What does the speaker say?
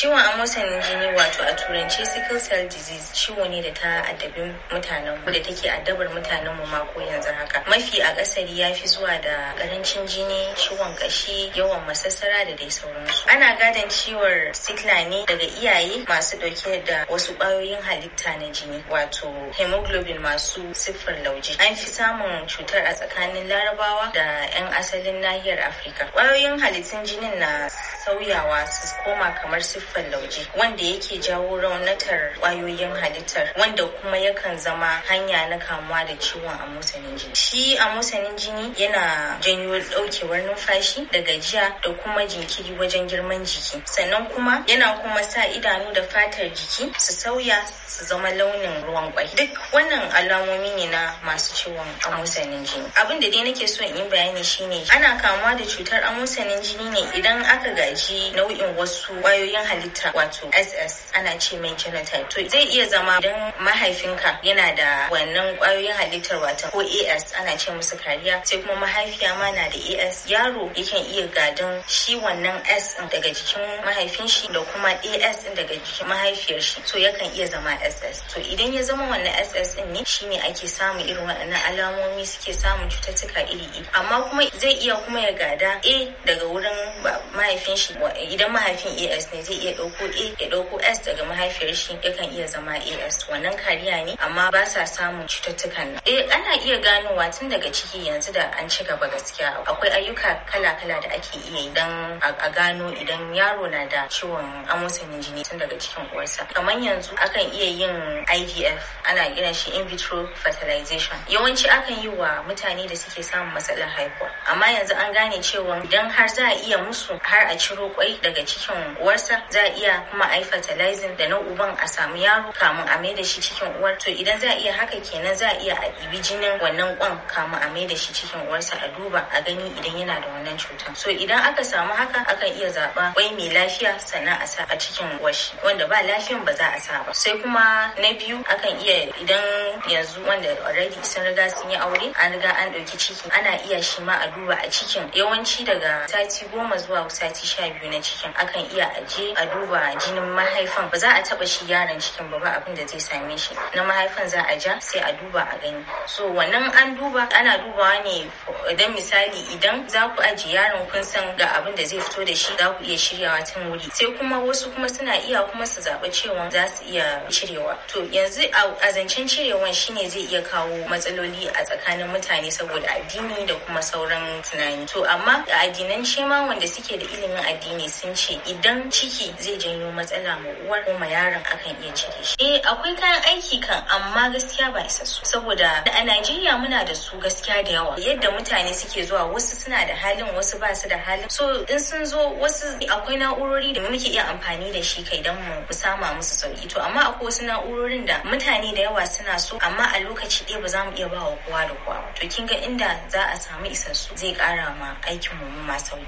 Ciwon amosanin jini wato a Turanci sickle cell disease ciwo ne da ta addabin mutanen mu da take addabar mutanen mu mako yanzu haka. Mafi a kasari ya fi zuwa da karancin jini, ciwon kashi, yawan masassara da dai sauransu. Ana gadon ciwon sickle ne daga iyaye masu dauke da wasu kwayoyin halitta na jini wato hemoglobin masu siffar lauje. An fi samun cutar a tsakanin larabawa da 'yan asalin nahiyar Afirka. Kwayoyin halittun jinin na sauyawa su koma kamar siffar siffar lauje wanda yake jawo raunatar kwayoyin halittar wanda kuma yakan zama hanya na kamuwa da ciwon a amosanin jini shi a amosanin jini yana janyo ɗaukewar numfashi da gajiya da kuma jinkiri wajen girman jiki sannan kuma yana kuma sa idanu da fatar jiki su sauya su zama launin ruwan kwai duk wannan alamomi ne na masu ciwon a amosanin jini abin da dai nake so in bayani shine ana kamuwa da cutar a amosanin jini ne idan aka gaji nau'in wasu kwayoyin halittar. halitta wato ss ana ce mai genotype to zai iya zama idan mahaifinka yana da wannan kwayoyin halittar wato ko as ana ce musu kariya sai kuma mahaifiya ma na da as yaro yakan iya gadon shi wannan s daga jikin mahaifin shi da kuma as daga jikin mahaifiyar shi to yakan iya zama ss to idan ya zama wannan ss din ne shine ake samun irin waɗannan alamomi suke samun cututtuka iri iri amma kuma zai iya kuma ya gada a daga wurin mahaifin shi idan mahaifin as ne zai iya iya ɗauko A ya ɗauko S daga mahaifiyar shi yakan iya zama AS wannan kariya ne amma ba sa samun cututtukan nan. e ana iya ganowa tun daga ciki yanzu da an ci gaba gaskiya akwai ayyuka kala-kala da ake iya idan a gano idan yaro na da ciwon amosanin jini tun daga cikin uwarsa. Kamar yanzu akan iya yin IVF ana kiran shi in vitro fertilization. Yawanci akan yi wa mutane da suke samun matsalar haihuwa amma yanzu an gane cewa idan har za a iya musu har a ciro kwai daga cikin uwarsa za za a iya kuma a yi fertilizing da na uban a samu yaro kamun a mai da shi cikin uwar to idan za a iya haka kenan za a iya a ɗibi jinin wannan kwan kamun a mai da shi cikin uwarsa a duba a gani idan yana da wannan cuta so idan aka samu haka akan iya zaɓa wai mai lafiya sannan a sa a cikin washi wanda ba lafiyan ba za a sa ba sai kuma na biyu akan iya idan yanzu wanda already sun riga sun yi aure an riga an ɗauki ciki ana iya shi ma a duba a cikin yawanci daga sati goma zuwa sati sha biyu na cikin akan iya aje a duba jinin mahaifan ba za a taba shi yaron cikin ba ba abin da zai same shi na mahaifan za a ja sai a duba a gani so wannan an duba ana dubawa ne idan misali idan za ku aji yaron kun san ga abin da zai fito da shi za ku iya shiryawa tun wuri sai kuma wasu kuma suna iya kuma su zaɓa cewa za su iya cirewa to yanzu a zancen cirewan shine zai iya kawo matsaloli a tsakanin mutane saboda addini da kuma sauran tunani to amma addinan addinance ma wanda suke da ilimin addini sun ce idan ciki zai janyo matsala ma uwar ko ma yaron akan iya cire shi eh akwai kayan aiki kan amma gaskiya ba isassu saboda a Najeriya muna da su gaskiya da yawa yadda mutane suke zuwa wasu suna da halin wasu ba su da halin so in sun zo wasu akwai na'urori da muke iya amfani da shi kai dan mu sama musu sauki to amma akwai wasu na'urorin da mutane da yawa suna so amma a lokaci ɗaya ba za mu iya ba wa kowa da kowa to kin ga inda za a samu isassu zai ƙara ma aikin mu ma sauki